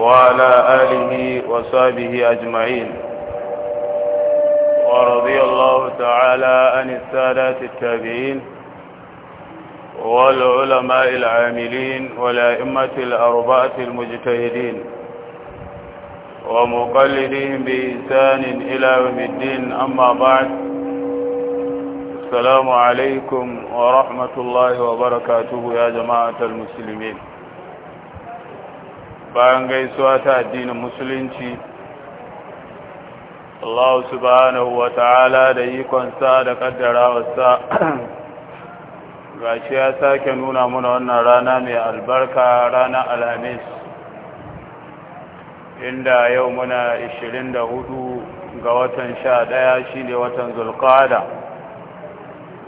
وعلى آله وصحبه أجمعين ورضي الله تعالى عن السادات التابعين والعلماء العاملين والأئمة الأربعة المجتهدين ومقلدهم بإنسان إلى يوم الدين أما بعد السلام عليكم ورحمة الله وبركاته يا جماعة المسلمين bayan gaisuwa ta addinin musulunci Allah subhanahu wa ta'ala da ikonsa da wasa. gashi ya sake nuna muna wannan rana mai albarka rana alhamis inda yau muna 24 ga watan 11 shine watan zulqada.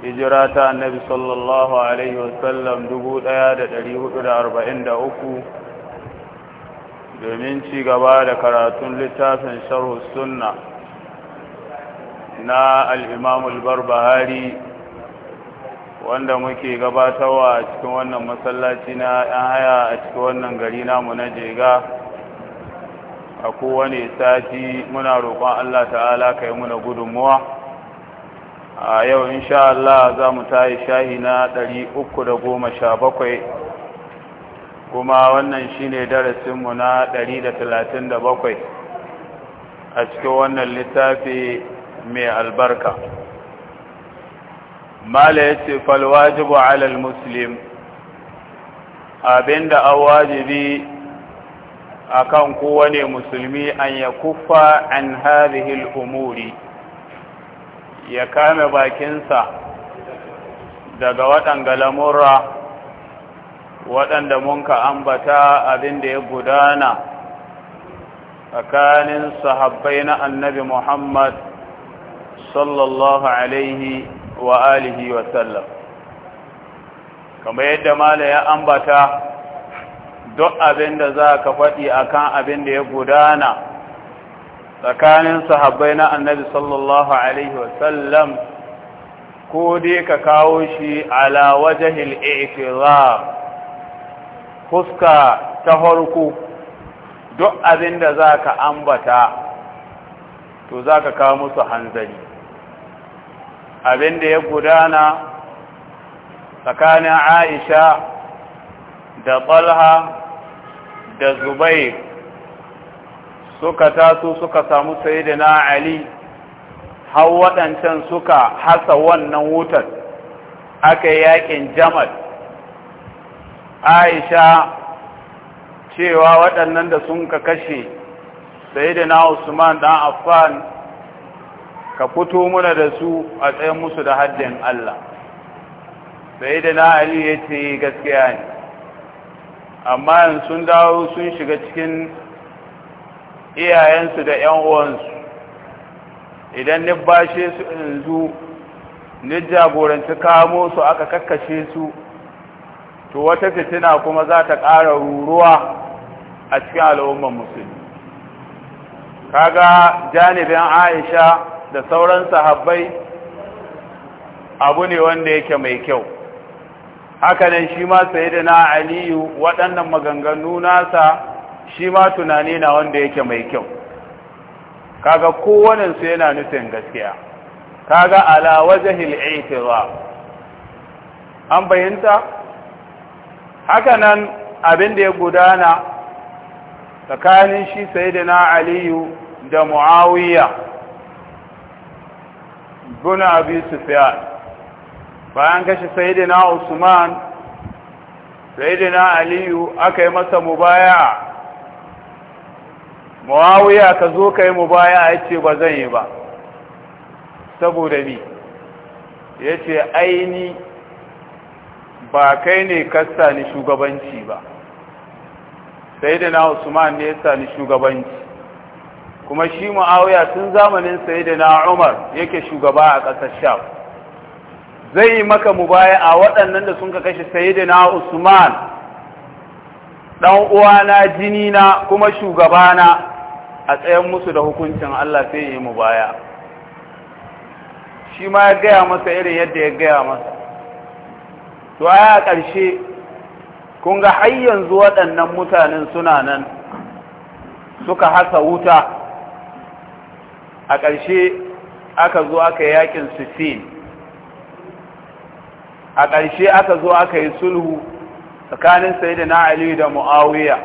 hijira ta annabi sallallahu alaihi wasallam 1443 domin ci gaba da karatun littafin sharhu sunna na al'imam al-barbahari wanda muke gabatarwa a cikin wannan masallaci na ‘yan haya a cikin wannan gari namu na jega a kowane sati muna roƙon Allah ta'ala ka yi muna gudunmuwa a yau insha Allah za mu yi shahi na 317 kuma wannan shi ne darasinmu na da da talatin bakwai, a cikin wannan littafi mai albarka mala ya ce falwajibu alal muslim abinda an wajibi a kan kowane musulmi an ya kufa an harihil umuri ya kame bakinsa daga waɗanga lamurra waɗanda mun ka ambata abin da ya gudana tsakanin sahabbai na annabi Muhammad sallallahu alaihi wa alihi wa sallam kamar yadda mala ya ambata duk abin da za ka faɗi akan abin da ya gudana tsakanin sahabbai na annabi sallallahu alaihi wa sallam ko dai ka kawo shi ala wajahil i'tizar fuska ta farko duk abin da za ka ambata to za ka kawo musu hanzari abin da ya gudana tsakanin aisha da ɓalha da zubair suka taso suka samu sai da na ali har waɗancan suka hasa wannan wutar aka yakin jamal aisha cewa waɗannan da sun ka kashe sai da na usman ɗan affan ka fito muna da su a tsayin musu da haddin allah sai da na ali ya ce gaskiya ne amma yanzu sun dawo sun shiga cikin iyayensu da 'yan uwansu idan ni bashe su yanzu ni jagoranci kamo su aka kakkashe su to wata fitina kuma za ta ƙara ruruwa a cikin al'ummar musulmi kaga janibin aisha da sauran sahabbai abu ne wanda yake mai kyau hakanan shi ma sai na aliyu waɗannan maganganu nasa shi ma tunani na wanda yake mai kyau kaga su yana nufin gaskiya kaga ala wajahil itira an bayanta haka nan abin da ya gudana tsakanin shi sayyidina aliyu da muawiya bin abi sufyan bayan kashe sayyidina usman sayyidina aliyu aka yi masa mubaya muawiya ka zo ka yi mubaya ya ce ba zan yi ba saboda ni ya ce aini ba kai ne kasta ni shugabanci ba sai da na usman ne ya sani shugabanci kuma shi mu'awiya tun zamanin sai da na umar yake shugaba a ƙasar sham zai yi maka mubaya a waɗannan da sun ka kashe sai da na usman ɗan uwana jinina, kuma shugabana a tsayan musu da hukuncin allah sai yi mubaya shi ma ya gaya masa irin yadda ya gaya masa to a ƙarshe kun ga har yanzu waɗannan mutanen suna nan suka hasa wuta a ƙarshe aka zo aka yakin sifin a ƙarshe aka zo aka yi sulhu tsakanin da na'ali da muawiya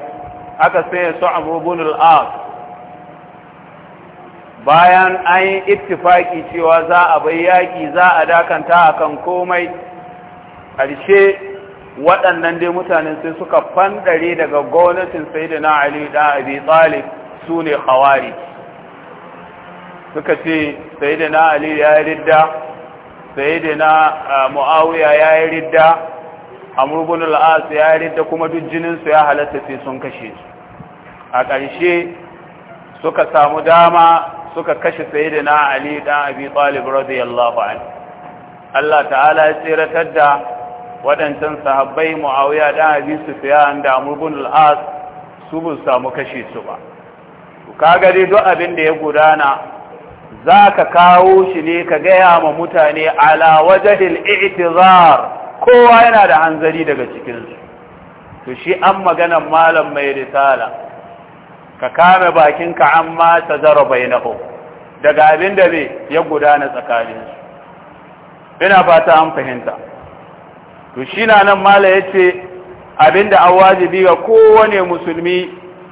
aka sanya su ibn al-as bayan an yi cewa za a bai yaƙi za a dakanta akan komai ƙarshe waɗannan dai mutanen sai suka fandare daga gwamnatin na ali da abi talib su ne hawari suka ce na ali ya yi ridda na ah, muawiya ya yi ridda amurbin al'as ya yi ridda kuma duk jininsu ya halatta sai sun kashe su a ƙarshe suka samu dama suka kashe na ali da abi talib radiyallahu anhu Allah ta'ala ya tseratar da waɗancan sahabbai muawiya da abi sufyan da amr al-as su bu samu kashe su ba Ka gari duk abin da ya gudana za ka kawo shi ne ka gaya ma mutane ala wajhil i'tizar kowa yana da hanzari daga cikin su to shi an maganan malam mai risala ka kame bakinka an ma tazara bainahu daga abin da ya gudana tsakaninsu ina fata an fahimta to shi na nan mala ya ce abinda an wajibi ga kowane musulmi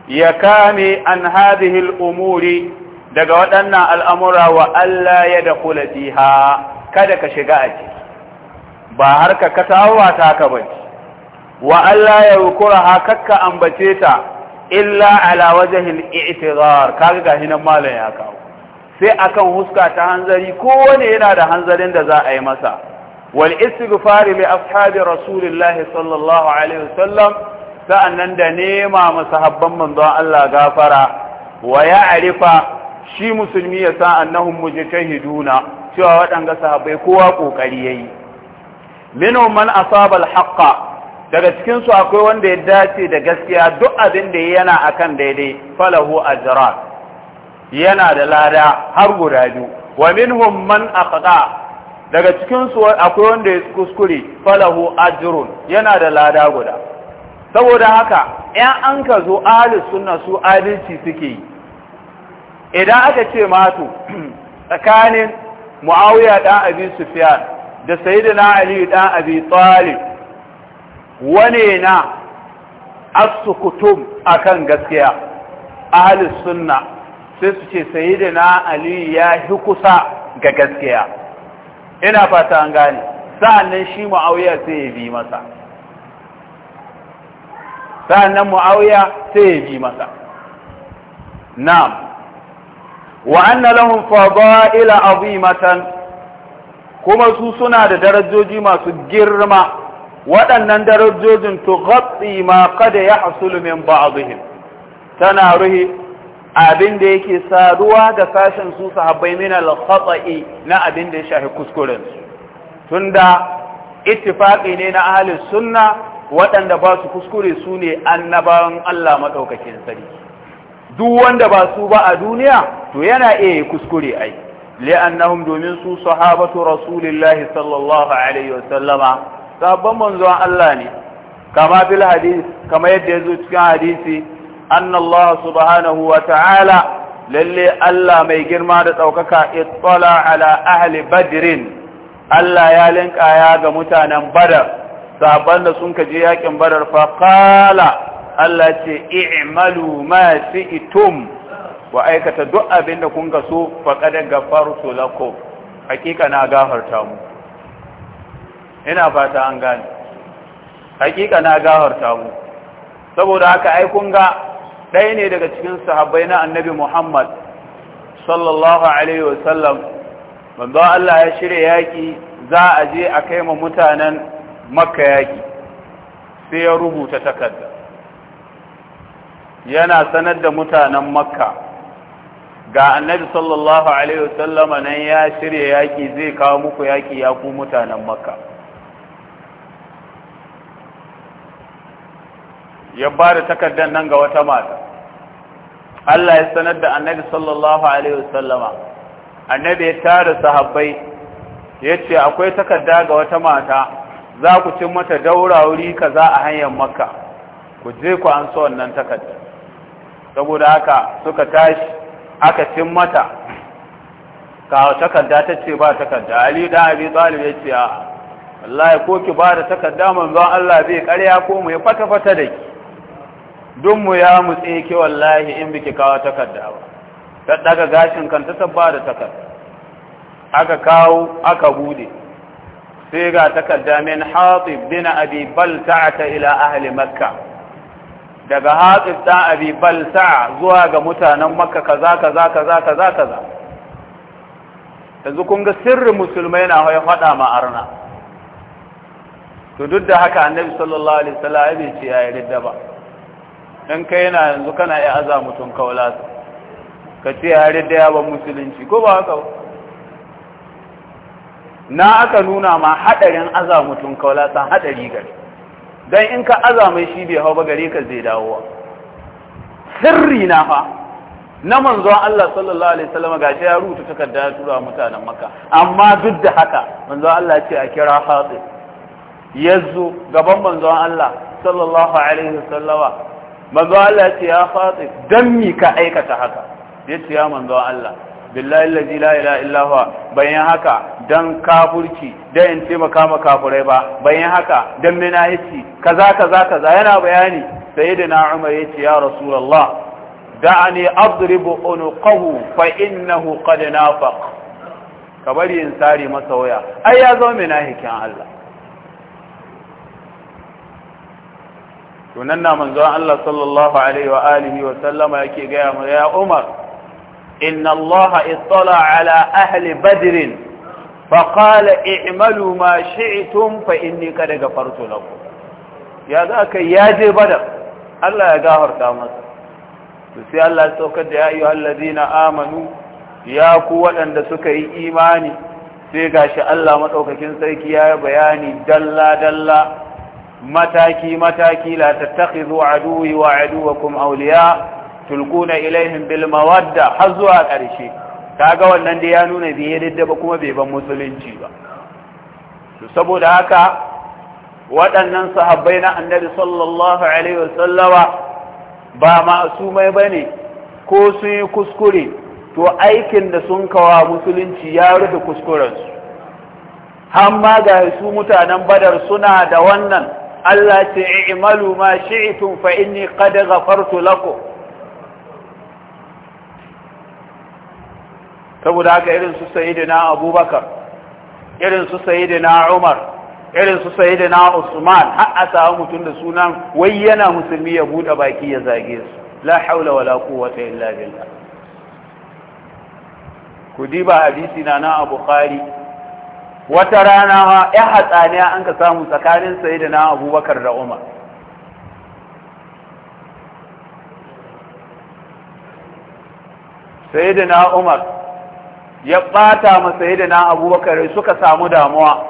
ya kame an hadihil umuri daga waɗannan al'amura wa Allah ya da kula fiha kada ka shiga a ciki ba har ka kasawa ta ka ba wa Allah ya rukura ambace ta illa ala wajahin i'tizar kaga ga hinan malam ya kawo sai akan huska ta hanzari kowane yana da hanzarin da za a yi masa wal istighfar li ashabi rasulillahi sallallahu alaihi wasallam sa'annan da nema masahabban manzon Allah gafara wa arifa shi musulmi ya sa annahum mujtahiduna cewa waɗanga sahabbai kowa kokari yayi minhum man asaba al-haqqa daga su akwai wanda ya dace da gaskiya duk abin da yana akan daidai falahu ajran yana da lada har guda biyu wa minhum man aqda daga cikinsu akwai wanda ya kuskure falahu ajrun yana da lada guda saboda haka in an ka zo ahli suna su adalci suke idan aka ce matu tsakanin mu'awiya da abi sufyan da sayyidina ali ɗan abi talib wane na asukutum akan gaskiya ahli sunna sai su ce sayyidina ali ya hi kusa ga gaskiya ina fata an gane sa'annan shi mu'awiya sai ya bi masa sa'annan mu'awiya sai ya bi masa na'am wa anna lahum fada'ila azimatan kuma su suna da darajoji masu girma waɗannan darajojin tughatti ma kada ya yahsul min ba'dihim tana ruhi abin da yake saduwa ga sashen su sahabbai min al-khata'i na abin da ya shafi kuskuren tunda ittifaqi ne na ahlus sunna waɗanda ba su kuskure su ne annabawan Allah madaukakin sarki duk wanda ba su ba a duniya to yana iya kuskure ai li'annahum domin su sahabatu rasulillahi sallallahu alaihi wa sallama sabban manzon Allah ne kama bil ya kama yadda yazo cikin hadisi أن الله سبحانه وتعالى للي ألا ميجر ما دتوكك اطلع على أهل بدر ألا يالنك آياغ متانا بدر سابن سنك جياك بدر فقال ألا اعملوا ما سئتم وأيكة تدعى بينكم قصو فقد غفرت لكم حقيقة ناغاهر تامو هنا فاتا an حقيقة hakika na saboda haka ai kun ga ɗaya ne daga cikin sahabbai na annabi Muhammad sallallahu alaihi wasallam manzo Allah ya shirya yaƙi za a je a kai ma mutanen Makka yaƙi. sai ya rubuta takarda yana sanar da mutanen Makka ga annabi sallallahu alaihi wasallam nan ya shirya yaƙi zai kawo muku yaƙi ya ku mutanen Makka ya ba da takardar nan ga wata mata Allah ya sanar da annabi sallallahu alaihi wasallama annabi ya tara sahabbai ya ce akwai takarda ga wata mata za ku cin mata daura wuri kaza a hanyar makka ku je ku an wannan takarda saboda haka suka tashi aka cin mata kawo takarda ta ce ba takarda ali da abi talib ya ce a wallahi ko ki ba da takarda manzon Allah zai karya ko mu ya fata fata da ki Dunmu mu ya mutse ki wallahi in biki kawo takarda ba ta daga gashin kan ta tabba da takarda aka kawo aka bude sai ga takarda min hatib bin abi balta'a ila ahli makka daga hatib dan abi balta'a zuwa ga mutanen makka kaza kaza kaza kaza kaza yanzu kun ga sirrin musulmai na hoye fada ma arna to duk da haka annabi sallallahu alaihi wasallam ya ce ya yarda ba dan kai yana yanzu kana iya aza mutum kaula ka ce har ya ban musulunci ko ba haka na aka nuna ma hadarin aza mutum kaula san hadari gari dan in ka aza mai shi bai hau ba gare ka zai dawo sirri na fa na manzon Allah sallallahu alaihi wasallam shi ya rubuta takarda ya tura mutanen Makka amma duk da haka manzon Allah ce a kira Hatib yazo gaban manzon Allah sallallahu alaihi wasallama manzo Allah ce ya fatsi dan mi ka aikata haka ya ya manzo Allah billahi allazi la ilaha illa huwa bayan haka dan kafurci dan in taimaka ma kafurai ba bayan haka dan menahici kaza kaza kaza yana bayani sayyidina Umar ya ce ya rasulullah da'ani adribu unuqahu fa innahu qad nafaq kabari in sare masa waya ai ya zo hikin Allah to nan na manzon Allah sallallahu alaihi wa alihi wa sallama yake gaya mu ya Umar inna Allah ittala ala ahli badr fa qala i'malu ma shi'tum fa inni qad ghafartu lakum ya za ka ya je badar Allah ya gafarta masa to sai Allah ya saukar da ya ayyuhal ladina amanu ya ku waɗanda suka yi imani sai gashi Allah madaukakin sarki ya bayani dalla dalla mataki mataki la tattakhidhu aduwi wa aduwakum awliya tulquna ilaihim bil mawadda har zuwa ƙarshe kaga wannan da ya nuna bai yadda ba kuma bai ban musulunci ba to saboda haka waɗannan sahabbai na annabi sallallahu alaihi wasallama ba ma'asumai bane ko sun yi kuskure to aikin da sun kawa musulunci ya rufe kuskurensu har ma ga su mutanen badar suna da wannan Allah ce i'malu ma shi'tum fa inni qad ghafartu lakum saboda haka irin su na Abubakar irin su na Umar irin su na Usman har a samu mutum da sunan wai yana musulmi ya bude baki ya zage su la haula wa wala quwwata illa billah ku diba hadisi na na Bukhari wata rana ma ya hatsaniya an ka samu tsakanin sai da na abubakar da umar sai da na umar ya ɓata ma sai da na abubakar suka samu damuwa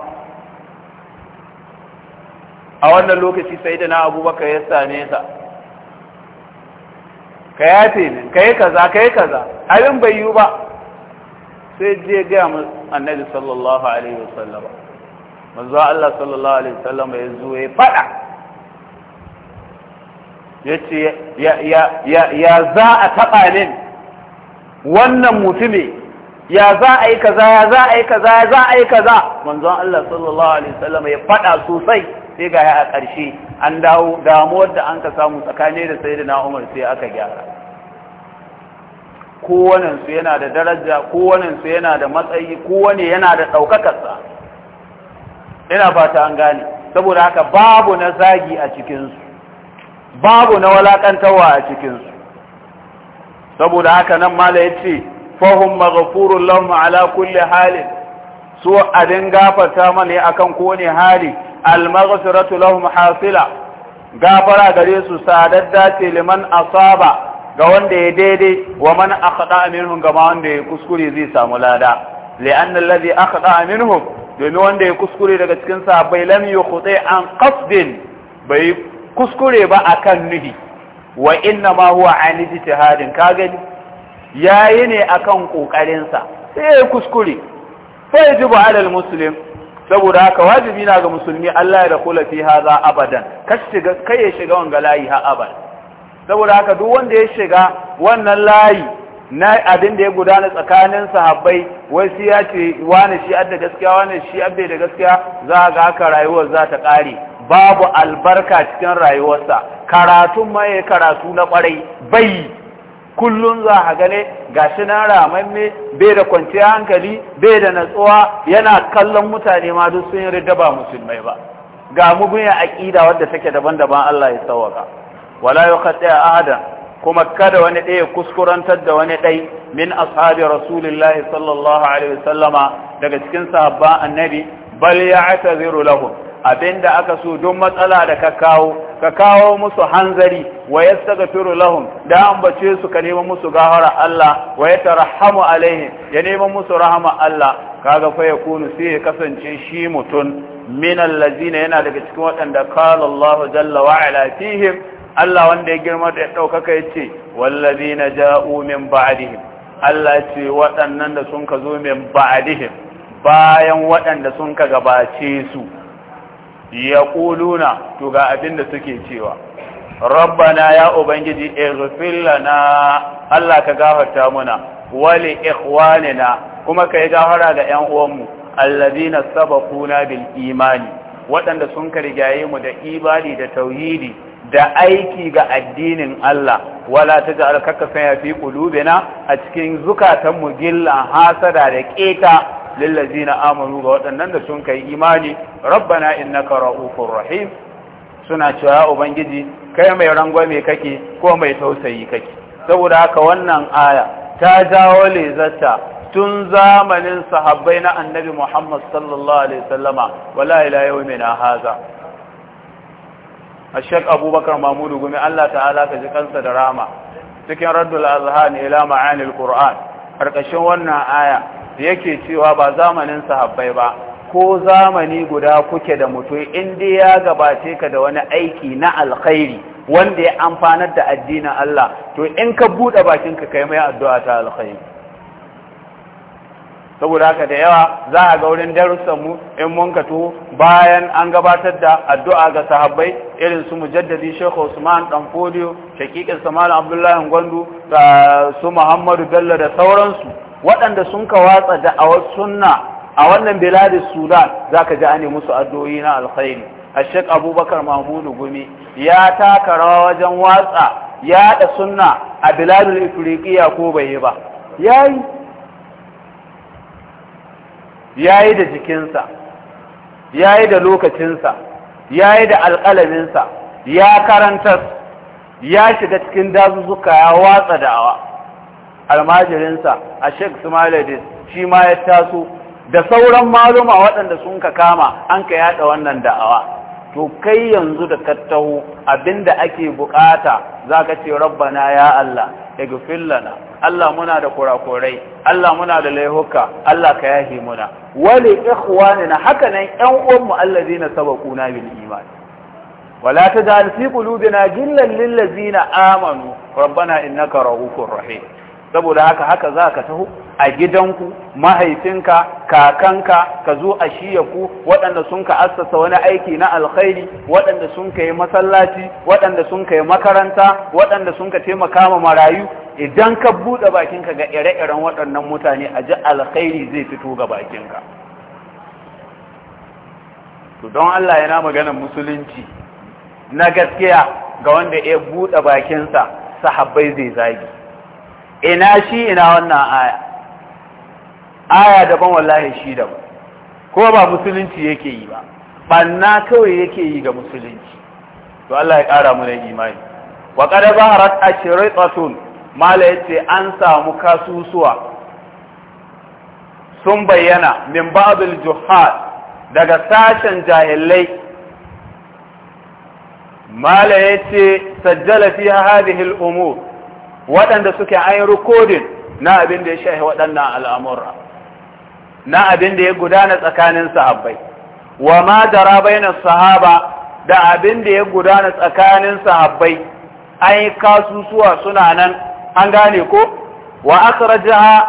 a wannan lokaci sai da na abubakar ya same sa ka yafe ne ka yi kaza ka yi kaza abin bai yiwu ba sai je gaya mu annabi sallallahu alaihi wasallam manzo Allah sallallahu alaihi wasallam ya zo ya fada yace ya ya ya ya za a taba min wannan mutumi ya za a yi kaza ya za a yi kaza ya za a yi kaza manzo Allah sallallahu alaihi wasallam ya fada sosai sai ga ya a ƙarshe an dawo damuwar da an ka samu tsakanin da sayyidina Umar sai aka gyara kowanensu yana da daraja kowanensu yana da matsayi kowane yana da ɗaukakarsa ina fata an gane saboda haka babu na zagi a cikinsu babu na walakantawa a cikinsu saboda haka nan mala ya ce fahim maghafurun lahum ala kulli halin so abin gafarta mana akan kowane hali almaghfiratu lahum hasila gafara gare su sadadda ce liman asaba ga wanda ya daidai wa man akhda minhum ga wanda ya kuskure zai samu lada li'anna alladhi akhda minhum domin wanda ya kuskure daga cikin sa bai lam yukhti an qasdin bai kuskure ba akan nuhi wa inna ma huwa an ijtihadin ka yayi ne akan kokarin sa sai ya kuskure sai jibu alal muslim saboda haka wajibi na ga musulmi Allah ya da kula fi haza abadan kashi kai ya shiga wanga layi ha abadan saboda haka duk wanda ya shiga wannan layi na abin da ya gudana tsakanin sahabbai wai shi ya ce wani shi adda gaskiya wani shi abbe da gaskiya za ga haka rayuwar za ta kare babu albarka cikin rayuwarsa karatun ma karatu na kwarai bai kullun za a gane gashi na ramamme bai da kwanciyar hankali bai da natsuwa yana kallon mutane ma duk sun yi ba musulmai ba ga mugun ya aƙida wadda take daban-daban Allah ya sauwaka wala yukhati ada? kuma kada wani ɗaya kuskurantar da wani ɗai min ashabi rasulillahi sallallahu alaihi wasallama daga cikin sahabban annabi bal ya ya'taziru lahu, abinda aka so don matsala da ka kawo ka kawo musu hanzari wa yastaghfiru lahum da ambace su ka neman musu gahara Allah wa yatarhamu alaihim ya neman musu rahama Allah kaga fa kunu sai ya kasance shi mutun min allazina yana daga cikin waɗanda qala Allah jalla wa ala fihim Allah wanda ya girma da ya ɗaukaka ya ce wallazi na ja'u min ba'adihim Allah ce waɗannan da sun ka zo min ba'adihim bayan waɗanda sun ka gabace su ya ƙuluna to ga abin da suke cewa rabbana ya ubangiji ighfir lana Allah ka gafarta muna wali ikhwanina kuma ka yi gafara ga ƴan uwanmu allazina sabaquna bil imani waɗanda sun ka rigaye mu da ibadi da tauhidi da aiki ga addinin Allah wala ta ja'al kaka sanya fi qulubina a cikin zukatan mu gilla hasada da keta na amanu ga waɗannan da sun kai imani rabbana innaka ra'ufur rahim suna cewa ubangiji kai mai rangwame kake ko mai tausayi kake saboda haka wannan aya ta jawo lezata tun zamanin sahabbai na annabi Muhammad sallallahu Alaihi wasallama wala ila yau haza a shek abubakar mamudu gumi allah ta'ala ka ji kansa da rama cikin raddul azhan ila ma'anil qur'an karkashin wannan aya yake cewa ba zamanin sahabbai ba ko zamani guda kuke da mutum in dai ya gabace ka da wani aiki na alkhairi wanda ya amfanar da addinin Allah to in ka bude bakinka kai mai addu'a ta alkhairi saboda haka da yawa za a ga wurin darussan mu in mun ka to bayan an gabatar da addu'a ga sahabbai irin su mujaddadi Sheikh Usman dan Fodio shakikin Samal Abdullahi Gwandu da su Muhammadu Bello da sauransu waɗanda sun ka watsa da a sunna a wannan biladi Sudan zaka ji yi musu addu'o'i na alkhairi Sheikh Abubakar Mahmudu Gumi ya taka rawa wajen watsa yaɗa sunna a biladul Ifriqiya ko bai yi ba yayi Ya yi da jikinsa ya yi da lokacinsa ya yi da alƙalaminsa ya karantar ya shiga cikin dazuzzuka ya watsa dawa almajirinsa a Sheikh Sumaladin shi ma ya taso da sauran maluma waɗanda sun ka kama an ka yada wannan da'awa to kai yanzu da kattaho abinda ake bukata zaka ce rabbana ya Allah igfir lana Allah muna da kurakurai Allah muna da laihuka Allah ka yahi muna ne na haka nan ƴan uwanmu allazina sabaquna bil iman wala taj'al fi qulubina ghillan lil ladzina amanu rabbana innaka ra'ufur rahim saboda haka haka za ka taho a gidanku mahaifinka kakanka ka zo a shiya ku waɗanda sun ka assasa wani aiki na alkhairi waɗanda sun ka yi masallaci waɗanda sun ka yi makaranta waɗanda sun ka taimaka ma marayu idan ka buɗe bakinka ga ire-iren waɗannan mutane a ji alkhairi zai fito ga bakinka to don Allah yana maganar musulunci na gaskiya ga wanda ya buɗe bakinsa sahabbai zai zagi ina shi ina wannan aya aya daban wallahi shi daban ko ba musulunci yake yi ba banna kawai yake yi ga musulunci to Allah ya kara mu da imani wa qad zaharat ashriqatun mala yace an samu kasusuwa sun bayyana min ba'dul juhad daga sashen jahilai mala yace sajjala fi hadhihi al-umur waɗanda suke ayin recording na abin da ya shahi waɗannan al'amura na abin da ya gudana tsakanin sahabbai wa ma dara bainas sahaba da abin da ya gudana tsakanin sahabbai ai kasusuwa suna nan an gane ko wa akhrajaha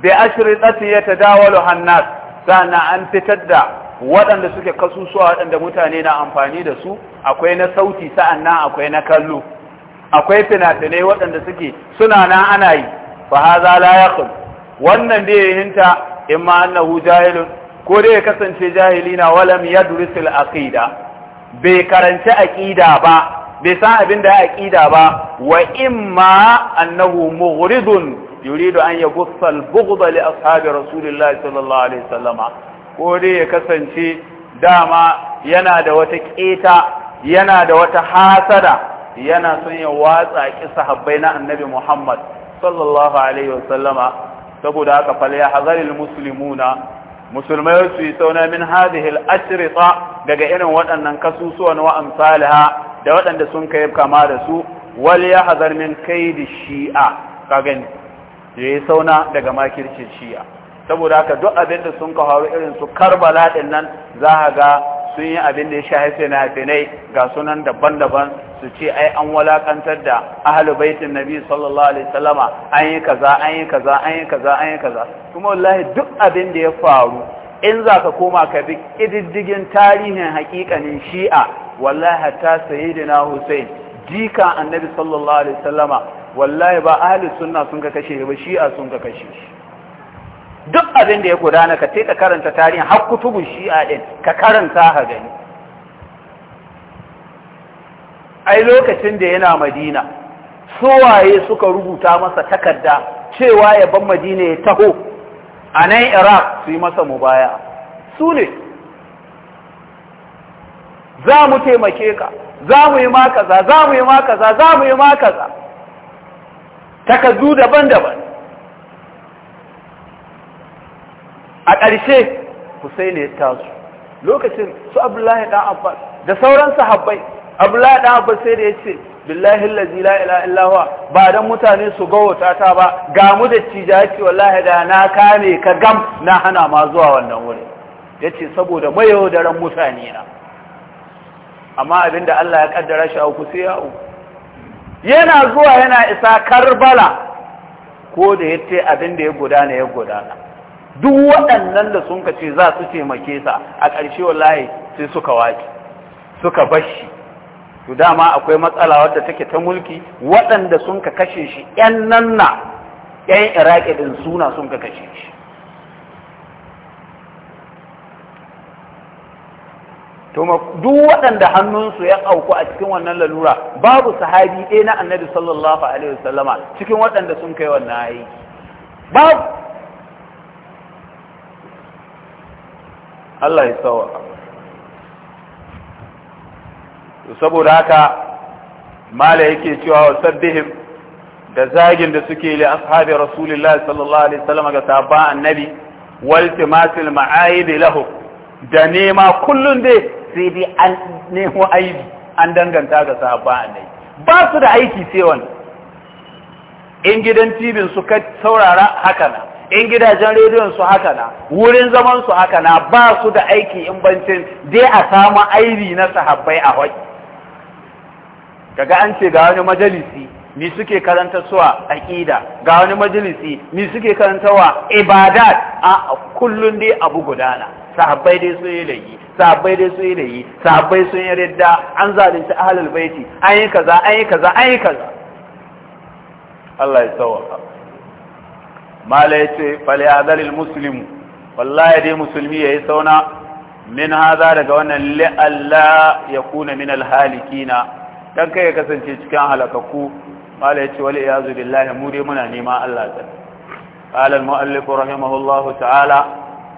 bi ashrati yatadawalu hannas sana an fitar da waɗanda suke kasusuwa waɗanda mutane na amfani da su akwai na sauti sa'annan akwai na kallo akwai fina-finai waɗanda suke suna nan ana yi fa haza la yaqul wannan bai hinta imma annahu jahilun ko dai ya kasance jahili na walam yadris al aqida bai karanci aqida ba bai san abin da aqida ba wa imma annahu mughridun yuridu an yabussa al bughda li ashabi rasulillahi sallallahu alaihi wasallama ko dai ya kasance dama yana da wata keta yana da wata hasada yana son ya watsa ki sahabbai na annabi Muhammad sallallahu alaihi wasallama saboda haka fal ya hazaril muslimuna musulmai su yi sauna min hadhihi al-ashrita daga irin waɗannan kasusuwan wa amsalha da waɗanda sun kai kama da su wal ya hazar min kaidi shi'a ka gani yi sauna daga makircin shi'a saboda haka duk abin da sun ka hawo irin su Karbala din nan za ga sun yi abin da ya shafi fina-finai ga sunan daban-daban su ce ai an walakantar da ahlul baitin nabi sallallahu alaihi sallama. an yi kaza an yi kaza an yi kaza an yi kaza kuma wallahi duk abin da ya faru in za ka koma ka bi kididdigin tarihin haƙiƙanin shi'a wallahi hatta sayyidina Hussein jika annabi sallallahu alaihi sallama. wallahi ba ahlus suna sun ka kashe ba shi'a sun ka kashe duk abin da ya gudana ka sai ka karanta tarihin har kutubun shi'a ɗin, ka karanta ha gani ai lokacin da yana madina suwaye suka rubuta masa takarda cewa ya ban madina ya taho a nan iraq su yi masa mubaya su ne za mu taimake ka za mu yi makaza za mu yi makaza za mu yi makaza takardu daban-daban a ƙarshe Hussein ya taso lokacin su Abdullahi dan Abbas da sauran sahabbai abdullahi abbas sai da yace ce billahin lazila ilaha ba don mutane su ga wata ta ba ga mu da ce wallahi da na kame ka gam na hana ma zuwa wannan wuri yace saboda mayaudaran mutane na amma abinda Allah ya kaddara shi auku sai ya'u yana zuwa yana isa Karbala ko da ya abin abinda ya gudana ya gudana duk waɗannan da sun kace za su taimake sa a ƙarshe wallahi sai suka waki suka bashi to dama akwai matsala wadda take ta mulki waɗanda sun ka kashe shi ƴan nan na ƴan iraƙi din suna sun ka kashe shi to duk waɗanda hannunsu ya auku a cikin wannan lalura babu sahabi ɗaya na annabi sallallahu alaihi wasallama cikin waɗanda sun kai wannan aiki babu Allah ya sawa to saboda haka mala yake cewa wa sabbihim da zagin da suke li ashabi rasulullahi sallallahu alaihi wasallam ga sahaba annabi wal timasil ma'aib lahu da nema kullun dai sai dai an nemo aibi an danganta ga sahaba annabi ba su da aiki sai wannan in gidan tibin su ka saurara haka na in gidajen rediyon su haka na wurin zaman su haka na ba su da aiki in bancin dai a samu aibi na sahabbai a hoki kaga an ce ga wani majalisi ni suke karanta suwa aqida ga wani majalisi ni suke karantawa ibadat a kullun dai abu gudana sahabbai dai sun yi layi sahabbai dai sun yi layi sahabbai sun yi ridda an zalunta ahlul baiti an yi kaza an yi kaza an yi kaza Allah ya tsawaka mala yace fali adalil muslim wallahi dai musulmi yayi sauna min hada daga wannan la'alla yakuna min alhalikina dan kai ya kasance cikin halakakku qala yace wal iyazu billahi muna nema Allah ta qala al rahimahullahu ta'ala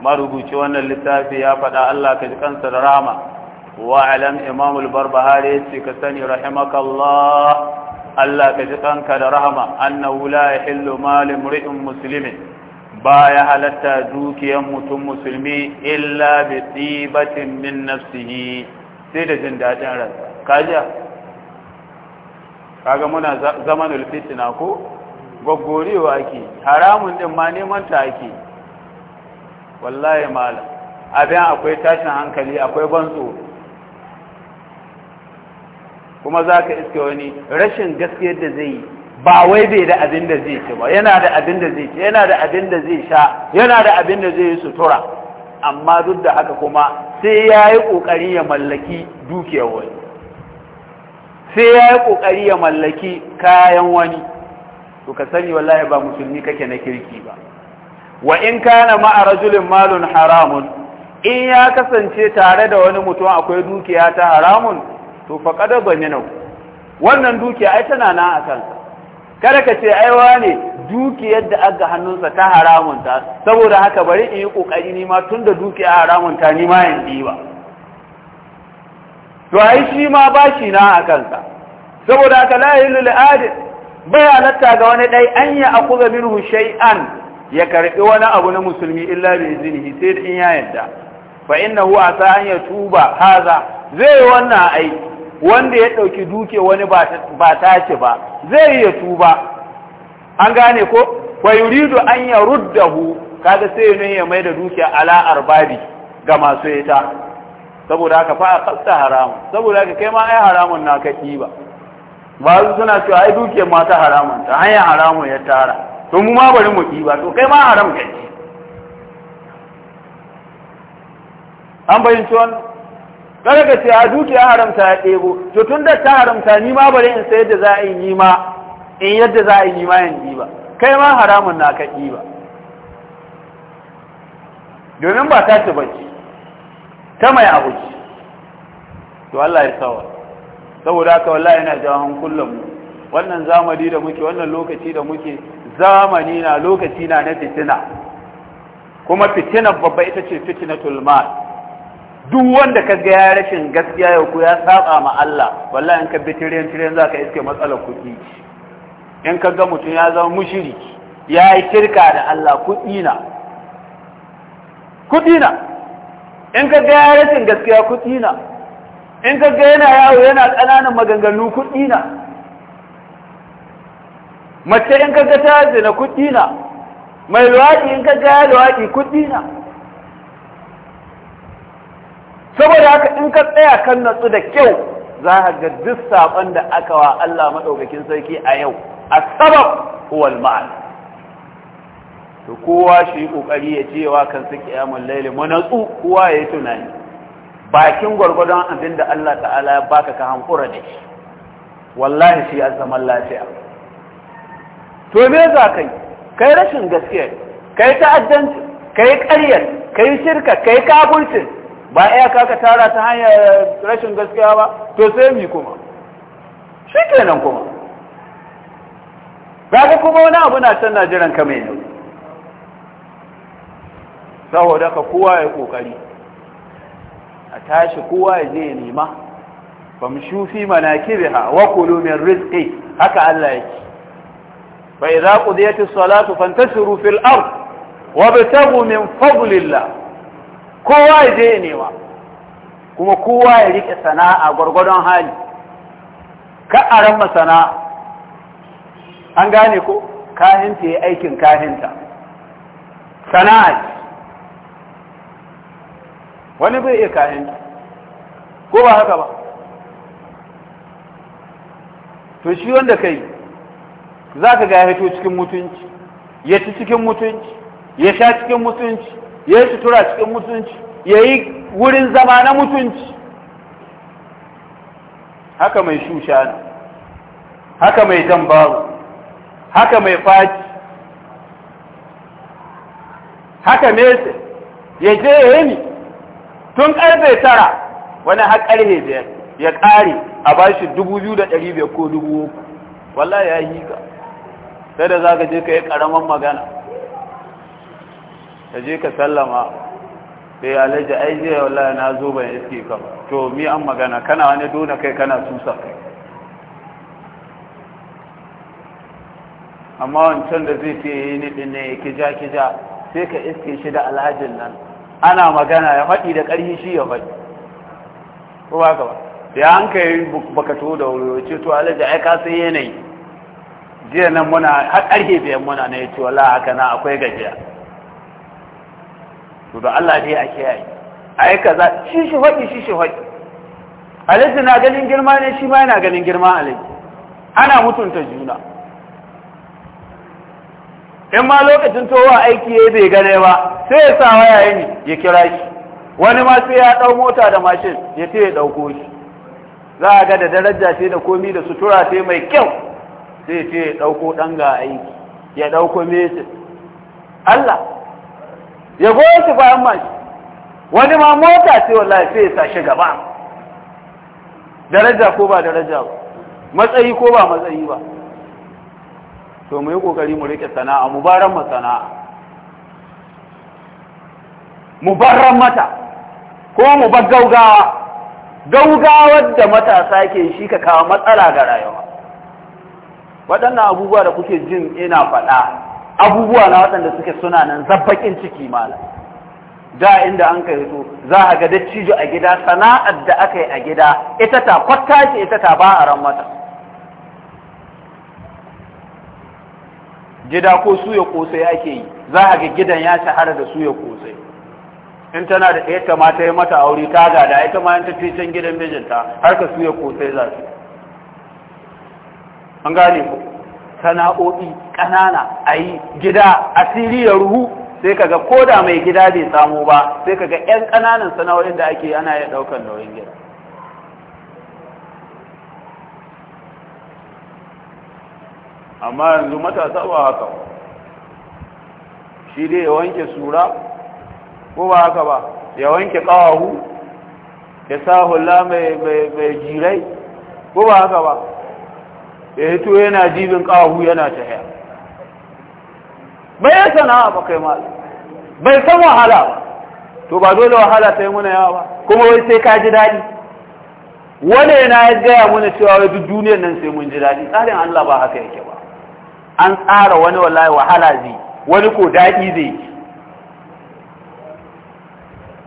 marubuci wannan littafi ya faɗa Allah ka ji kansa da rahama wa alam imam al barbahari yace ka sani rahimakallah Allah ka ji kanka da rahama annahu la yahillu mal imri'in muslimin baya halatta dukiyan mutum musulmi illa bi tibatin min nafsihi sai da jin dadin ransa kaja kaga muna zamanul fitna ko goggorewa ake haramun din ma neman ta ake wallahi malam abin akwai tashin hankali akwai banzo kuma za ka iske wani rashin gaskiyar da zai yi ba wai bai da abin da zai ci ba yana da abin da zai ci yana da abin da zai sha yana da abin da zai yi sutura amma duk da haka kuma sai ya yi ƙoƙari ya mallaki dukiyar wani sai ya yi ƙoƙari ya mallaki kayan wani to ka sani wallahi ba musulmi kake na kirki ba wa in kana ma'a rajulin malun haramun in ya kasance tare da wani mutum akwai dukiya ta haramun to faqada banina wannan dukiya ai tana na kansa kada ka ce ai ne dukiyar da aga hannunsa ta haramun ta saboda haka bari in yi ƙoƙari nima tunda dukiya haramun ta nima yan ba to ai shi ma bashi na a kansa saboda haka la ilu lil bai halatta ga wani dai an ya akuza minhu shay'an ya karbi wani abu na musulmi illa bi iznihi sai da in ya yadda fa innahu asa an ya tuba haza zai wannan ai wanda ya dauki duke wani ba ta ci ba zai ya tuba an gane ko wa yuridu an yaruddahu kaga sai ne ya mai da duke ala arbabi ga masu ita saboda haka fa kasta haramun saboda haka kai ma ai haramun na ka kiba ba su suna cewa ai dukiyar ma ta haramun ta hanya haramun ya tara to mu ma bari mu ba to kai ma haram ka ci an bayyance wannan kada ka ce a dukiya haramta ya ɗebo to tun da ta haramta ni ma bari in sayar da za a yi ni ma in yadda za a yi ni ma in ba kai ma haramun na ka ba domin ba ta ci bacci ta mai abuci to Allah ya sawa saboda haka wallahi yana jawon kullum. wannan zamani da muke wannan lokaci da muke zamani na lokaci na na fitina kuma fitina babba ita ce fitina tulma. duk wanda ka ga ya rashin gaskiya ya ku ya saba ma Allah wallahi in ka bi tirin za ka iske matsalar kuɗi in ka ga mutum ya zama mushiriki ya yi shirka da Allah kuɗi na kuɗi na in ka ga rashin gaskiya kuɗi na in ka ga yana yawo yana ƙananan maganganu kuɗi na mace in ka ga ta zina kuɗi na mai luwaɗi in ka ga luwaɗi kuɗi na saboda haka in ka tsaya kan natsu da kyau za ka ga duk saɓon da aka wa Allah maɗaukakin sarki a yau a sabab huwal ma'ana to kowa shi yi kokari ya ce wa kan su kiyamun laili manatsu kowa ya yi tunani bakin gwargwadon abin da Allah ta'ala ya baka ka hankura da shi wallahi shi ya zama lafiya to me za ka yi kai rashin gaskiya kai ta'addanci kai ƙaryar kai shirka kai kafircin ba iya kaka tara ta hanyar rashin gaskiya ba to sai mi kuma shi kenan kuma ga kuma wani abu na can na jiran ka mai nauyi saboda ka kowa ya kokari a tashi kowa ya je nema famshu fi manakibiha wa kulu min rizqi haka Allah yake fa idza qudiyatis salatu fantasiru fil ard wabtagu min fadlillah kowa ya je nema kuma kowa ya rike sana'a gwargwadon hali ka aran masana an gane ko kahinta ya aikin kahinta sana'a wani bai iya kayan ko ba haka ba to shi wanda kai za ka ga ya hito cikin mutunci ya ci cikin mutunci ya sha cikin mutunci ya yi sutura cikin mutunci ya yi wurin zama na mutunci haka mai shushana haka mai tambaru haka mai faci haka mese ya je ya yi tun karfe tara wani har karfe biyar ya ƙare a ba shi dubu biyu da ɗari biyar ko dubu uku Walla ya yi ka sai da za ka je ka yi ƙaramin magana ka je ka sallama sai alhaji ai zai wallahi na zo ban iske ka to mi an magana kana wani dona kai kana tusa. kai amma wancan da zai ce yi eh, ni ɗin ne ya kija kija sai ka iske shi da alhajin nan ana magana ya faɗi da ƙarfi shi ya faɗi ko ba ka ba ya an ka yi bakato da wuri ce to alaji aika ka yanayi jiya nan muna har ƙarfe biyan muna na ya ce wala haka na akwai gajiya to da Allah dai a kiyaye aika kaza shi shi faɗi shi shi faɗi alaji na ganin girma ne shi ma yana ganin girma alaji ana mutunta juna in ma lokacin towa aiki ya bai gane ba sai ya sa waya yi ya kira shi wani ma sai ya ɗau mota da mashin ya ce ya dauko shi za a ga da daraja ce da komi da sutura ce mai kyau sai ya ce ya dauko ɗan ga aiki ya dauko mesin Allah ya goya shi bayan mashi wani ma mota ce wallahi sai ya sa shi gaba daraja ko ba daraja ba matsayi ko ba matsayi ba to mu yi kokari mu rike sana'a mu baran mu sana'a mu baran mata ko mu bar gaugawa gaugawar da matasa ke shi ka kawo matsala ga rayuwa waɗannan abubuwa da kuke jin ina faɗa abubuwa na waɗanda suke suna nan zabbakin ciki mala da inda an kai so za a ga dattijo a gida sana'ar da aka yi a gida ita ta kwatta ce ita ta ba a ran mata gida ko suya kosai ake yi za a ga gidan ya shahara da suya kosai in tana da ɗaya ta mata yi mata aure ta gada ita ma ta fi can gidan mijinta har ka suya kosai za su an gane ku sana'o'i ƙanana a yi gida asiri ya ruhu sai kaga ko da mai gida bai samu ba sai ka ga 'yan ƙananan sana'o'in da ake ana ya ɗaukar nauyin gida amma yanzu matasa ba haka shi dai ya wanke sura ko ba haka ba ya wanke ƙawahu ya sa hula mai jirai ko ba haka ba ya hito yana jibin ƙawahu yana ta haya bai yasa na ba kai mal bai san wahala ba to ba dole wahala ta yi muna yawa ba kuma wai sai ka ji daɗi wane na ya gaya mana cewa wai duk duniyar nan sai mun ji daɗi tsarin Allah ba haka yake ba an tsara wani wallahi wahala zai wani ko daɗi zai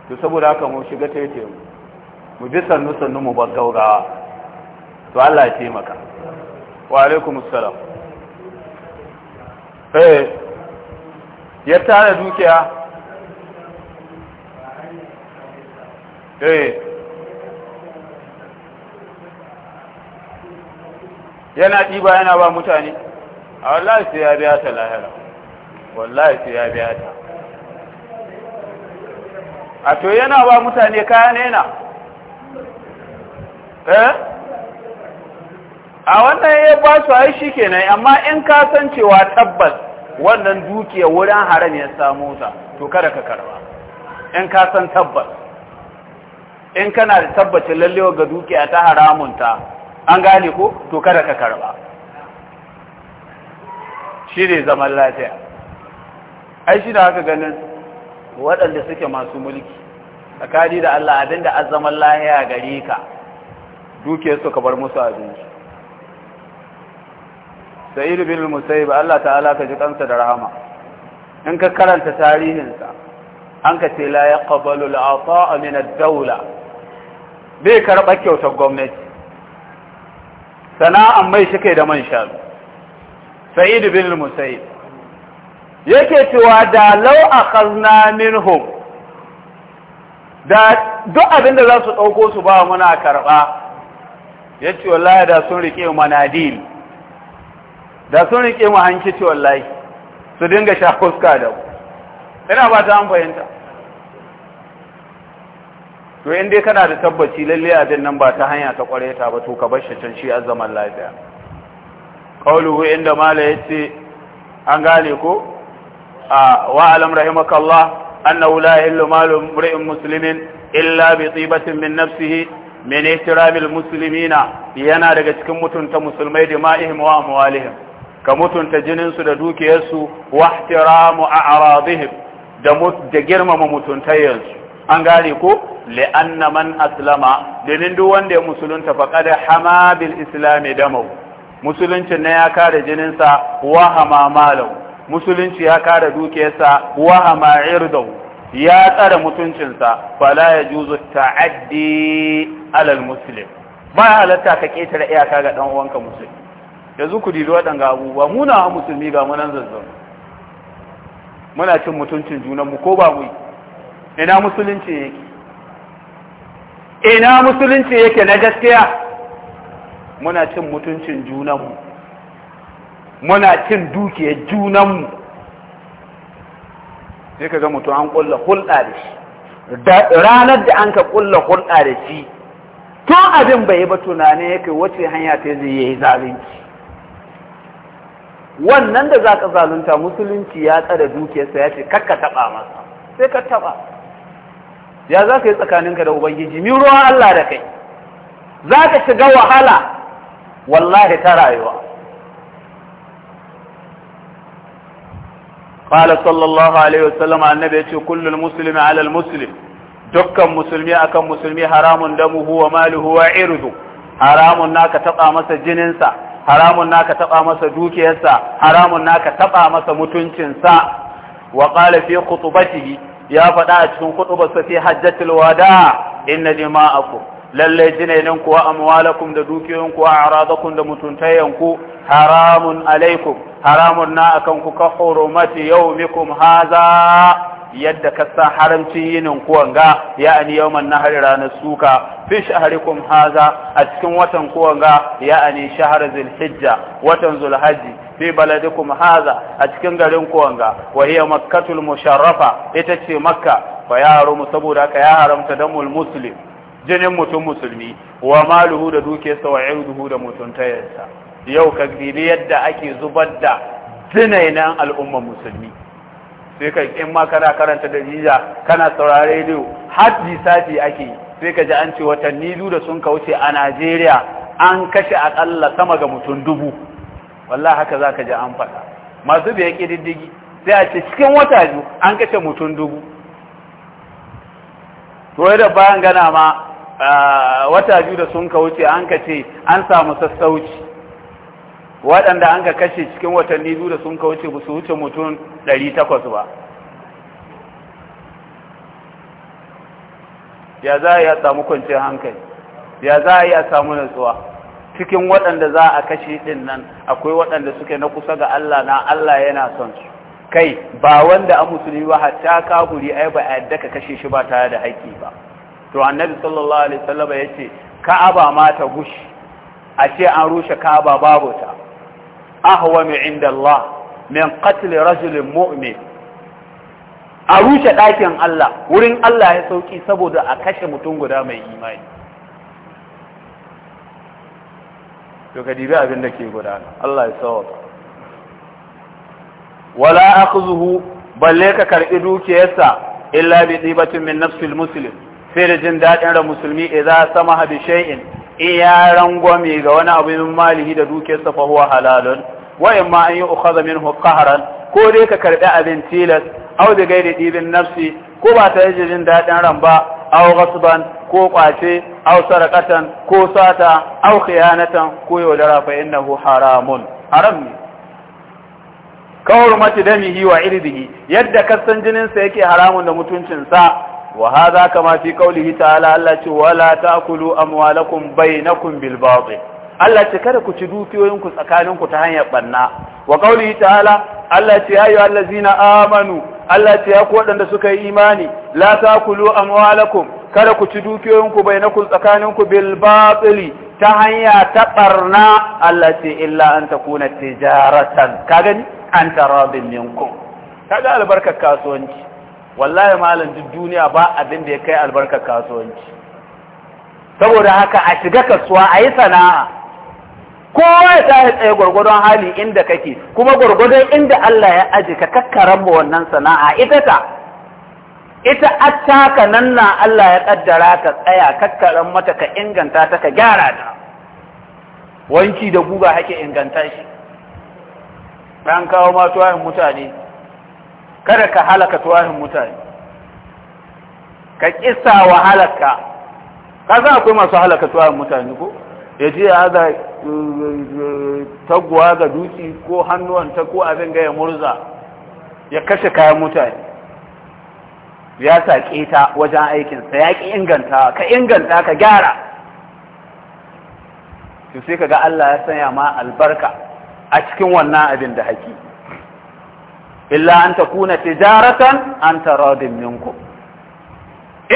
to saboda haka mu shiga ta taitaye mu bi sannu sannu mu bar gaugawa to Allah ya taimaka wa alaikum assalam eh ya tara dukiya eh yana ɗiba yana ba mutane a wallahi sai ya biya ta lahira wallahi sai ya biya ta a to yana ba mutane kaya ne na eh? a wannan ya ba su ai shikenan amma in ka san cewa tabbas wannan dukiya wurin haram ya samu ta to kada ka karba in ka san tabbas in kana da tabbacin lallewa ga dukiya ta haramunta an gane ko to kada ka karba shi ne zaman lafiya ai shi da haka ganin waɗanda suke masu mulki tsakani da Allah abin da azaman lafiya gare ka duke su ka bar musu abinci sa'idu bin musayyib Allah ta'ala ka ji kansa da rahama in ka karanta tarihinsa an ka ce la yaqbalu al min ad-dawla bai karba kyautar gwamnati sana'an mai shi kai da man shanu sa'id bin al yake cewa da law akhadna minhum da duk abin da za su dauko su ba muna karba yace wallahi da sun rike mu manadil da sun rike mu hankici wallahi su dinga sha fuska da ina ba ta an fahimta to in dai kana da tabbaci lalle abin nan ba ta hanya ta kware ta ba to ka bar shi can shi azzaman lafiya qawluhu inda mala yace an gane ko a wa'alam alam rahimakallah annahu la yahillu malu imri'in musulmin illa bi tibatin min nafsihi min ihtiramil muslimina yana daga cikin mutunta musulmai dima'ihim wa amwalihim ka mutunta jininsu da dukiyarsu wa ihtiramu a'radihim da da girmama mutuntayensu an gane ko li'anna man aslama domin duk wanda ya musulunta faqad hama bil islami damu. musuluncin ne ya kare jininsa wa hama malau musulunci ya kare dukiyarsa wa hama irdau ya tsara mutuncinsa fala ya juzu ta'addi alal muslim ba halatta ka ketare iyaka ga dan uwanka musulmi yanzu ku dilo waɗanga abubuwa muna wa musulmi ga nan zazzau muna cin mutuncin junanmu ko ba mu ina musulunci yake ina musulunci yake na gaskiya muna cin mutuncin junanmu muna cin dukiyar junanmu sai ka ga mutum an kulla hulɗa da shi ranar da an ka kulla hulɗa da shi tun abin bai yi ba tunane ya kai wace hanya ta zai yi zalunci wannan da za ka zalunta musulunci ya tsada dukiyarsa ya ce kakka taɓa masa sai ka taɓa ya za ka yi tsakaninka da ubangiji mi ruwan Allah da kai za ka shiga wahala wallahi ta rayuwa قال صلى الله ya ce النبي يقول كل المسلم على dukkan musulmi akan musulmi haramun damuhu wa maluhu wa irdu haramun naka taba masa jininsa haramun naka taba masa dukiyarsa haramun naka taba masa mutuncinsa wa qala fi khutbatihi ya faɗa a cikin khutbarsa fi hajjatul wada inna dima'akum lalle jinainin kuwa a amwalakum da dukiyoyin ku wa a'radakum da mutuntayen ku haramun alaikum haramun na akan ku ka hurumati yawmikum haza yadda ka san haramcin yinin kuwanga ya ani yawman nahar ranar suka fi shaharikum haza a cikin watan kuwanga ya ani shahar zulhijja watan zulhajji fi baladikum haza a cikin garin kuwanga wa hiya makkatul musharrafa ita ce makka fa ya saboda ka ya haramta damul muslim jinin mutum musulmi wa maluhu da sa, wa irduhu da mutuntayarsa yau ka gidi yadda ake zubar da zinainan al'umman musulmi sai ka in ma kana karanta da jiya kana saurare rediyo har lissafi ake sai ka ji an ce watanni biyu da sun kauce a Najeriya an kashe akalla sama ga mutum dubu wallahi haka zaka ji an faɗa masu biya ƙididdigi. sai a ce cikin wata biyu an kashe mutum dubu to da bayan gana ma Ah, wata biyu da sun ka wuce an ka ce an samu sassauci waɗanda an ka kashe cikin watanni biyu da sun ka wuce ba su wuce mutum 800 ba ya za a yi a samu kwanciyar hankali ya za a yi a samu nutsuwa cikin waɗanda za a kashe ɗin nan akwai waɗanda suke na kusa ga Allah na Allah yana son su kai ba wanda a musulmi ba hatta kaburi ai ba a yadda ka kashe shi ba tare da haƙƙi ba to annabi sallallahu alaihi wasallam ya ce ka'aba ma ta gushi a ce an rushe ka'aba babu ta ahwa mi inda Allah min qatl rajul mu'min a rushe ɗakin Allah wurin Allah ya sauki saboda a kashe mutum guda mai imani to ka dibi abin da ke gudana Allah ya sauka wala akhzuhu balle ka karbi dukiyarsa illa bi dibatin min nafsil muslim sai da jin daɗin ra musulmi idza sama bi shay'in iya rangwame ga wani abu min malihi da dukiyarsa fa huwa halalun wa ma an yu'khadha minhu qahran ko dai ka karɓi abin tilas aw bi ghairi dibin nafsi ko ba ta yi jin daɗin ran ba aw ghasban ko kwace aw sarakatan ko sata aw khiyanatan ko yaudara fa innahu haramun haram ne kawar mata damihi wa irdihi yadda kasan jininsa yake haramun da mutuncinsa wa hadha kama fi qawlihi ta'ala Allah ce wala ta'kulu amwalakum bainakum bil batil Allah ce kada ku ci dukiyoyinku tsakaninku ta hanyar banna wa qawlihi ta'ala Allah ce ya ayyuhallazina amanu Allah ce ya ku waɗanda suka yi imani la ta'kulu amwalakum kada ku ci dukiyoyinku bainakum tsakaninku bil ta hanya ta barna Allah ce illa an gani an albarkar kasuwanci wallahi malam duk duniya ba abin da ya kai albarkar kasuwanci saboda haka a shiga kasuwa a yi sana'a kowa ya tsaye tsaye gwargwadon hali inda kake kuma gwargwadon inda Allah ya aji ka kakkaramba wannan sana'a ita ta ita attaka nan na Allah ya kaddara ka tsaya kakkaran mata ka inganta ta ka gyara ta wanki da guga hake inganta shi ran kawo matuwa mutane kada ka halaka tuwahin mutane ka kisa wa halaka ka za akwai masu halaka tuwahin mutane ko ya ce ya haza taguwa ga duki ko hannuwan ta ko abin ga murza ya kashe kayan mutane ya saƙe ta wajen aikinsa ya ƙi inganta ka inganta ka gyara to sai ka ga Allah ya sanya ma albarka a cikin wannan abin da haƙi illa an kuna tijaratan an taradin minku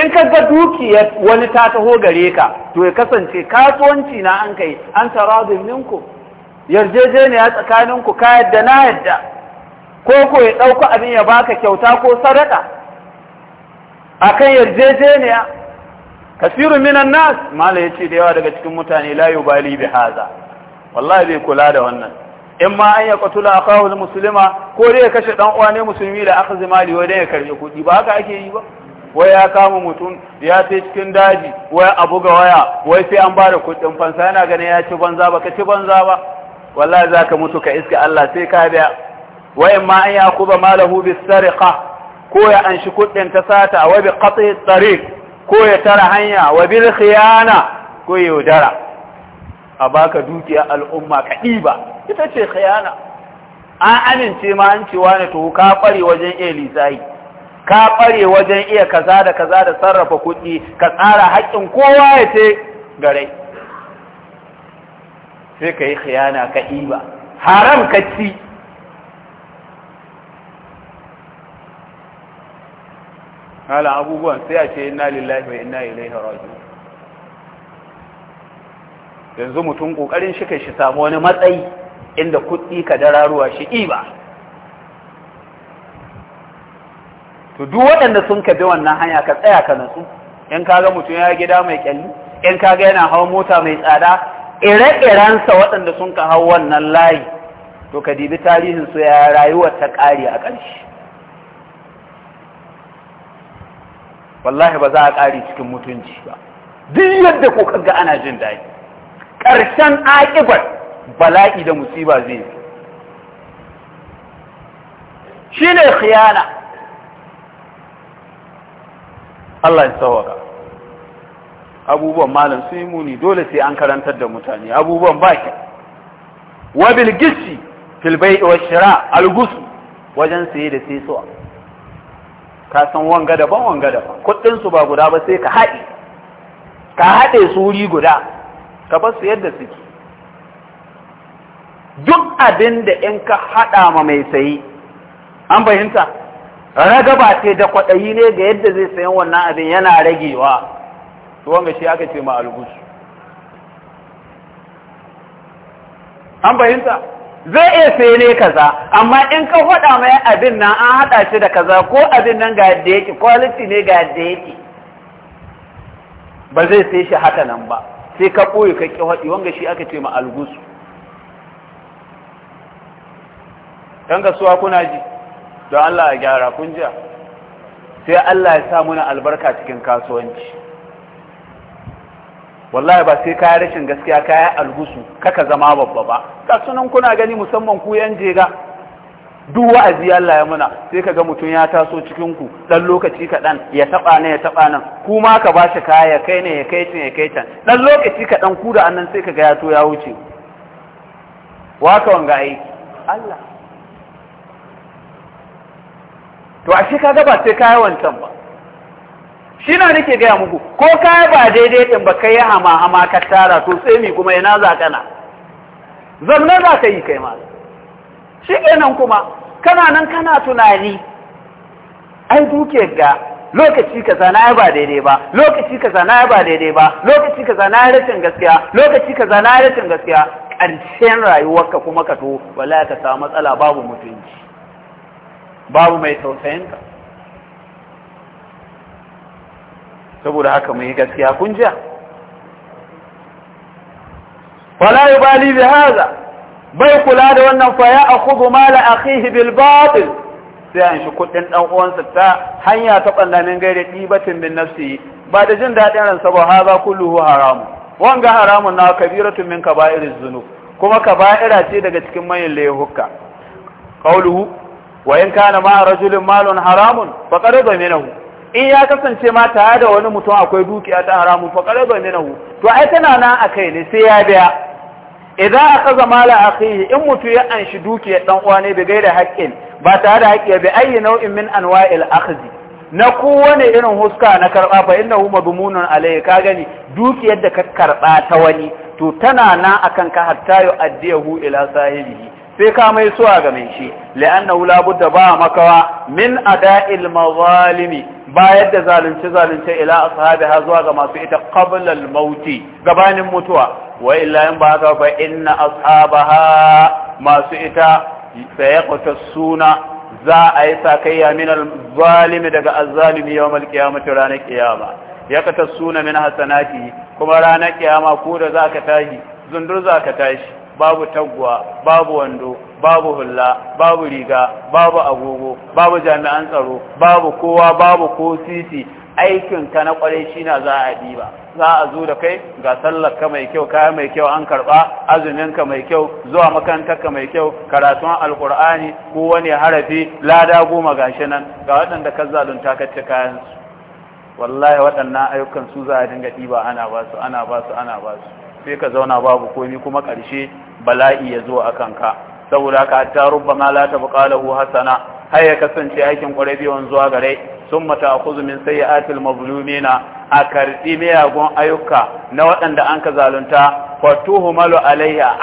in ka ga dukiyar wani ta taho gare ka to ya kasance kasuwanci na an kai an taradin minkum yarjejeniya tsakaninku ka yadda na yadda ko ko ya ɗauka abin ya baka kyauta ko sadaka akan yarjejeniya kasiru minan nas ya yace da yawa daga cikin mutane la bali bi haza wallahi bai kula da wannan in ma an ya a akahu musulma ko dai ya kashe ɗan uwa ne musulmi da aka zama wai dan ya karya kuɗi ba haka ake yi ba wai ya kama mutum ya sai cikin daji wai a buga waya wai sai an bada kuɗin fansa yana ganin ya ci banza ba ka ci banza ba wallahi ka mutu ka iska Allah sai ka biya wai ma an ya kuba malahu bis sariqa ko ya anshi kuɗin ta sata wa bi qati tariq ko ya tara hanya wa bil khiyana ko yaudara a baka dukiya al'umma ka ɗiba ita ce khiyana an amince ma an cewa ne to ka kware wajen iya lisai ka kware wajen iya kaza da kaza da sarrafa kuɗi ka tsara haƙƙin kowa ya ce gare sai ka yi khiyana ka iba haram ka ci hala abubuwan sai a ce inna lillahi wa inna ilaihi raji'un yanzu mutum kokarin shi kai shi samu wani matsayi inda kuɗi ka dararuwa shi ba. to duk waɗanda sun ka bi wannan hanya ka tsaya ka nasu in kaga mutum ya gida mai kyalli in kaga yana hau mota mai tsada ire-irensa waɗanda sun ka hau wannan layi to ka dibi tarihin su ya rayuwar ta ƙari a ƙarshe wallahi ba za a ƙari cikin mutunci ba duk yadda ko ga ana jin daɗi ƙarshen aƙibar bala'i da musiba zai yi shi ne khiyana Allah ya tsawaka abubuwan malam sun yi muni dole sai an karantar da mutane abubuwan baki wa bilgisi filbai wa shira algusu wajen saye da sai suwa ka san wanga daban wanga daban kudin su ba guda ba sai ka haɗe ka haɗe su wuri guda ka bar su yadda suke duk abin da in ka haɗa ma mai sayi an Raga ragaba ce da kwaɗayi ne ga yadda zai sayan wannan abin yana ragewa tuwon wanga shi aka ce ma albus. an bayinta, zai iya saye ne kaza amma in ka ma mai abin nan an haɗa shi da kaza ko abin nan ga yadda yake kwaliti ne ga yadda yake ba zai sai shi haka nan ba sai ka ɓoye ka ƙi haɗi wanga shi aka ce ma algusu Dan kasuwa kuna ji don Allah a gyara kun jiya sai Allah ya sa muna albarka cikin kasuwanci wallahi ba sai kayan rashin gaskiya kayan algusu kaka zama babba ba kasunan kuna gani musamman ku yan jega duk wa'azi Allah ya muna sai ka ga mutum ya taso cikin ku dan lokaci kaɗan ya taɓa nan ya taɓa nan ku ma ka shi kaya kai ne ya kai can ya kai can dan lokaci kaɗan ku da annan sai ka ga ya to ya wuce waka wanga aiki Allah to ashe ga ba sai kaya wancan ba shi na nake gaya muku ko kaya ba daidai ɗin ba kai hama hama ka tara to sai mi kuma ina za kana zanna za ka yi kai ma shi kenan kuma kana nan kana tunani ai duke ga lokaci kaza na ba daidai ba lokaci kaza na ba daidai ba lokaci kaza na rashin gaskiya lokaci kaza na rashin gaskiya ƙarshen rayuwarka kuma ka to wallahi ka samu matsala babu mutunci babu mai tausayinka saboda haka mai gaskiya kun jiya wala bali bi haza, bai kula da wannan faya a akhudhu mala akhihi bil batil sai an shi kudin dan uwansa ta hanya ta ballanin gaire dibatin bin nafsi ba da jin daɗin ransa ba hadha kulluhu haram wanga haramun na kabiratun min kaba'iriz zunub kuma kaba'ira ce daga cikin manyan laihuka qauluhu wa in kana ma rajulin malun haramun faqad in ya kasance ma tare da wani mutum akwai dukiya ta haramun faqad minahu to ai tana nan akai ne sai ya biya idza akaza mala akhihi in mutu ya anshi dukiyar dan uwa ne bai gaida haƙƙin ba tare da haƙƙi bai ayi nau'in min anwa'il akhdhi na kowane irin huska na karɓa fa innahu madmunun alayhi ka gani dukiyar da ka karɓa ta wani to tana na akan ka hatta yu addiyahu ila sahibihi sai ka mai suwa ga mai shi la'annahu budda ba makawa min ada'il mazalimi bayar da zalunce zalunce ila ashabiha zuwa ga masu ita qabla al-mauti gabanin mutuwa wa illa in ba ka fa inna ashabaha masu ita sayaqtasuna za a yi sakayya min al-zalimi daga az-zalimi yawm al-qiyamati ranar qiyama yaqtasuna min hasanati kuma ranar qiyama ko da zaka tashi zundur zaka tashi babu tagwa babu wando babu hulla babu riga babu agogo babu jami'an tsaro babu kowa babu ko sisi aikin ka na kwarai shine za a ɗiba. za a zo da kai ga sallar ka mai kyau kaya mai kyau an karba azumin ka mai kyau zuwa makarantar ka mai kyau karatun alkur'ani ko wani harafi lada goma gashi nan ga waɗanda ka zalunta ka ci kayan su wallahi waɗannan ayyukan su za a dinga diba ana ba su ana ba su ana ba su sai ka zauna babu komi kuma ƙarshe bala'i ya zo a kanka saboda ka ta rubba ma la tabqa lahu hasana har ya kasance aikin kwarai zuwa wanzuwa gare sun mata akuzu min sayyi'atil mazlumina a karbi miyagun ayyuka na waɗanda an ka zalunta fatuhu malu a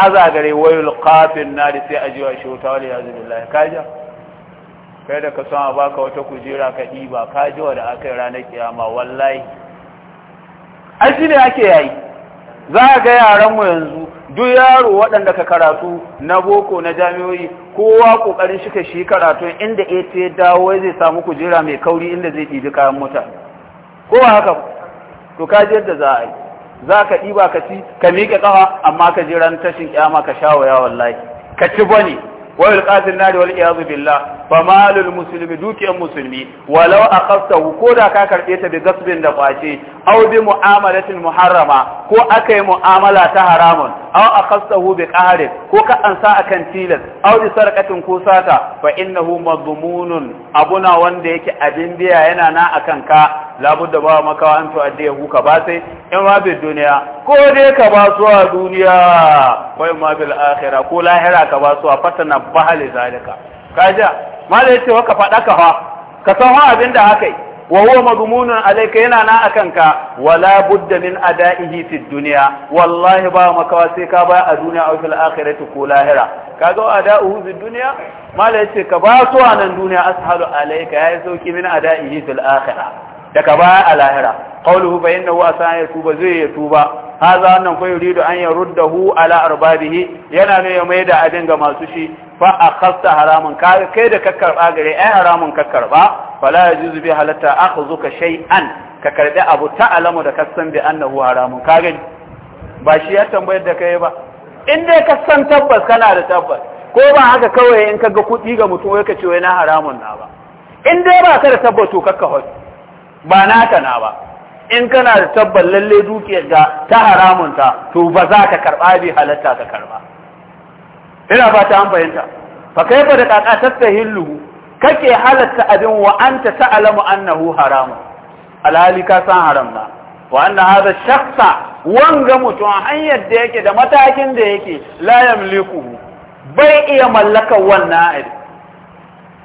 aza gare wayul qafin da sai ajiwa shi wuta wal yazu billahi kaja kai da ka san a baka wata kujera ka diba wa da akai ranar kiyama wallahi ai ne ake yayi za ga yaran mu yanzu duk yaro waɗanda ka karatu na boko na jami'oi kowa ƙoƙarin shika shi karatu inda ita ya dawo zai samu kujera mai kauri inda zai ɗibi kayan mota, kowa haka to ka je yadda za a yi za ka ɗiba ka ci ka miƙe ƙafa amma ka jiran tashin ƙyama ka sha waya wallahi ka ci bane wayul qatil nari wal iyadu billah fa malul muslimi dukiyar musulmi walau aqaftahu ko da ka karbe ta bi da kwace aw bi mu'amalatin muharrama ko akai mu'amala ta haramun aw aqaftahu bi qahr ko ka ansa akan tilas aw bi ko sata fa innahu madmunun abuna wanda yake abin biya yana na akan ka labudda ba makawa an tu'addiyahu ka ba sai in ma bil duniya ko dai ka ba su a duniya wai ma bil akhirah ko lahira ka ba su a fatana bahali zalika kaja mala yace wa ka faɗa ka fa ka san ha abin da haka wa huwa madmunun alayka yana na kan ka wala budda min ada'ihi fi dunya wallahi ba makawa sai ka ba a duniya aw fil akhirati ko lahira kaga wa ada'uhu fi dunya mala yace ka ba su a nan duniya ashalu alayka yayi sauki min ada'ihi fil akhirah daga baya a lahira qawluhu fa innahu asana tuba zai ya tuba haza wannan fa yuridu an ruddahu ala arbabihi yana ne ya maida abin ga masu shi fa akhasta haramun ka kai da ka gare ai haramun ka fala yajuzu bi halatta akhuzuka shay'an ka karbi abu ta'lamu da kasan bi annahu haramun ka gani ba shi ya tambayar da kai ba in dai ka san tabbas kana da tabbas ko ba haka kawai in kaga kuɗi ga mutum wai ka ce wai na haramun na ba in dai ba ka da tabbato kakka hoto ba naka na ba in kana da tabbal lalle dukiyar ga ta haramunta to ba za ka karba bi halatta ka karba ina fata an fahimta fa kaifa da kaka tastahillu kake halatta abin wa anta ta'lamu annahu haramun alhali ka san haram na wa anna hadha shakhsa wanga mutum hanyar da yake da matakin da yake la yamliku bai iya mallaka wannan abin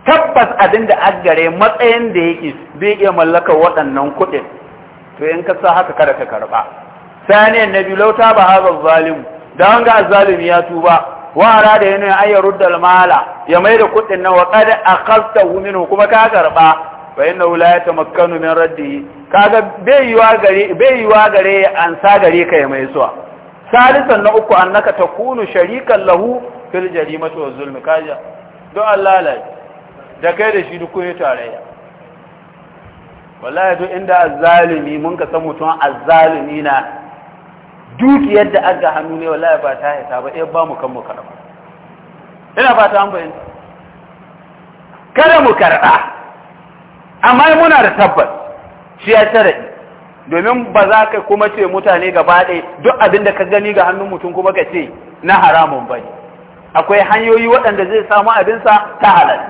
tabbas abin da gare matsayin da yake bai iya mallaka waɗannan kuɗin to in ka sa haka kada ka karɓa sani na biyu lauta ba haza zalim da wanga azzalimi ya tuba wa ara da yana ay yurda mala ya mai da kuɗin nan wa qad akhadtahu minhu kuma ka karɓa fa inna la yatamakkanu min raddi kaga bai yiwa gare bai yiwa gare an sa gare ka ya mai suwa salisan na uku annaka takunu sharikan lahu fil jarimati wa zulmi kaja do Allah lalace da kai da shi duk kun tarayya wallahi duk inda azzalimi mun ka san mutum azzalimi na dukiyar da aga hannu ne wallahi ba ta haita ba eh ba mu kan mu karba ina fata an bayyana kada mu karba amma muna da tabbas shi ya tare domin ba za ka kuma ce mutane gaba ɗaya duk abin da ka gani ga hannun mutum kuma ka ce na haramun bane akwai hanyoyi waɗanda zai samu abinsa ta halal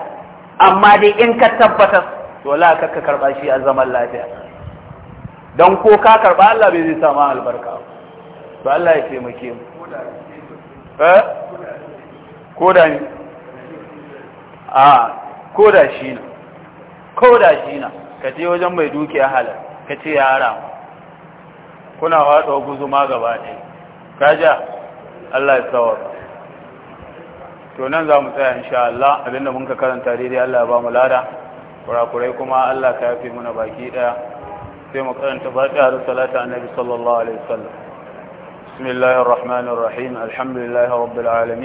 amma dai in ka tabbatar to la ka karba shi a zaman lafiya don ko ka karba Allah bai zai samu albarka to Allah ya taimake mu eh da ni a da shi na Ko da shi na ka je wajen mai dukiya halar ka ce ya haramu kuna faɗo guzuma gaba ɗaya kaja Allah ya tsawar to nan za mu tsaya insha Allah abinda mun ka karanta daidai Allah ya ba mu lada kurakurai kuma Allah ka yafe muna baki daya sai mu karanta fatiha da salatu annabi sallallahu alaihi wasallam bismillahir rahmanir rahim alhamdulillahi rabbil alamin